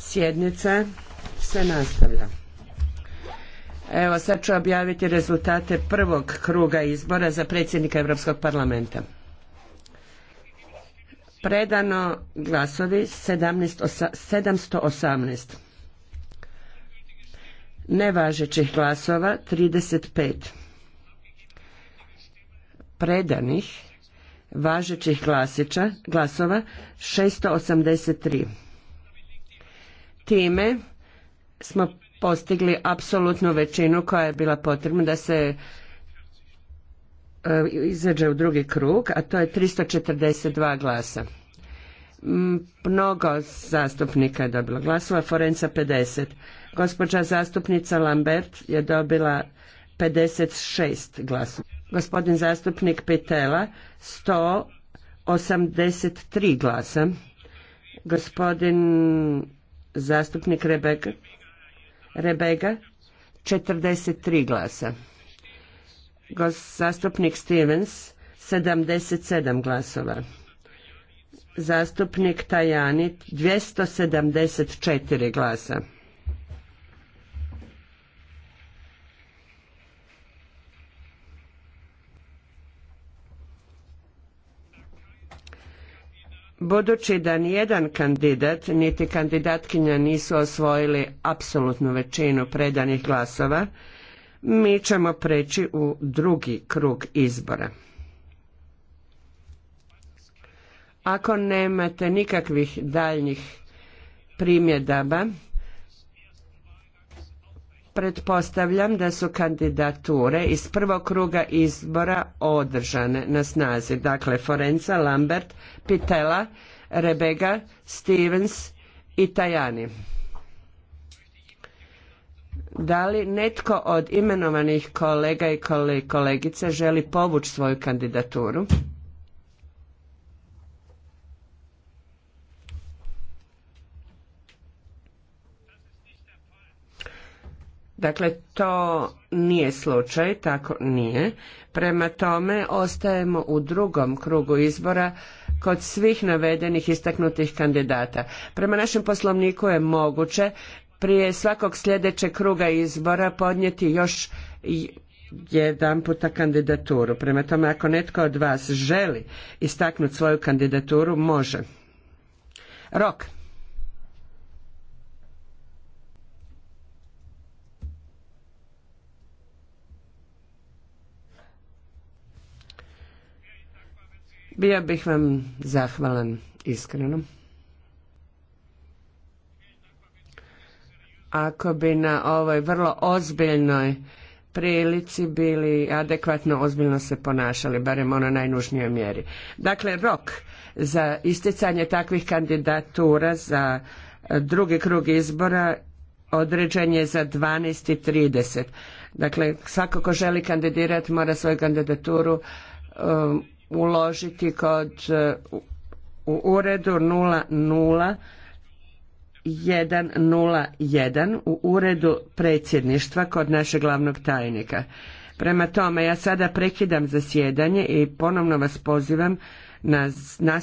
Sjednica se nastavlja. Evo sad ću objaviti rezultate prvog kruga izbora za predsjednika Europskog parlamenta. Predano glasovi 17, 718. Nevažećih glasova 35. Predanih važećih glasića, glasova 683. Time smo postigli apsolutnu većinu koja je bila potrebna da se e, izađe u drugi krug, a to je 342 glasa. Mnogo zastupnika je dobilo glasova, Forenca 50. Gospođa zastupnica Lambert je dobila 56 glasova gospodin zastupnik Petela, 183 glasa, gospodin zastupnik Rebega, Rebega 43 glasa, Gos, zastupnik Stevens 77 glasova, zastupnik Tajani 274 glasa. Budući da nijedan kandidat niti kandidatkinja nisu osvojili apsolutnu većinu predanih glasova, mi ćemo preći u drugi krug izbora. Ako nemate nikakvih daljnjih primjedaba, Pretpostavljam da su kandidature iz prvog kruga izbora održane na snazi. Dakle, Forenza, Lambert, Pitela, Rebega, Stevens i Tajani. Da li netko od imenovanih kolega i kolegica želi povući svoju kandidaturu? Dakle, to nije slučaj, tako nije. Prema tome, ostajemo u drugom krugu izbora kod svih navedenih istaknutih kandidata. Prema našem poslovniku je moguće prije svakog sljedećeg kruga izbora podnijeti još jedan puta kandidaturu. Prema tome, ako netko od vas želi istaknuti svoju kandidaturu, može. Rok. Bija bih vam zahvalan iskreno. Ako bi na ovoj vrlo ozbiljnoj prilici bili adekvatno ozbiljno se ponašali, barem ono najnužnijoj mjeri. Dakle, rok za isticanje takvih kandidatura za e, drugi krug izbora određen je za 12.30. Dakle, svako ko želi kandidirati mora svoju kandidaturu e, uložiti kod u uredu 00101 u uredu predsjedništva kod našeg glavnog tajnika. Prema tome, ja sada prekidam zasjedanje i ponovno vas pozivam na nastavak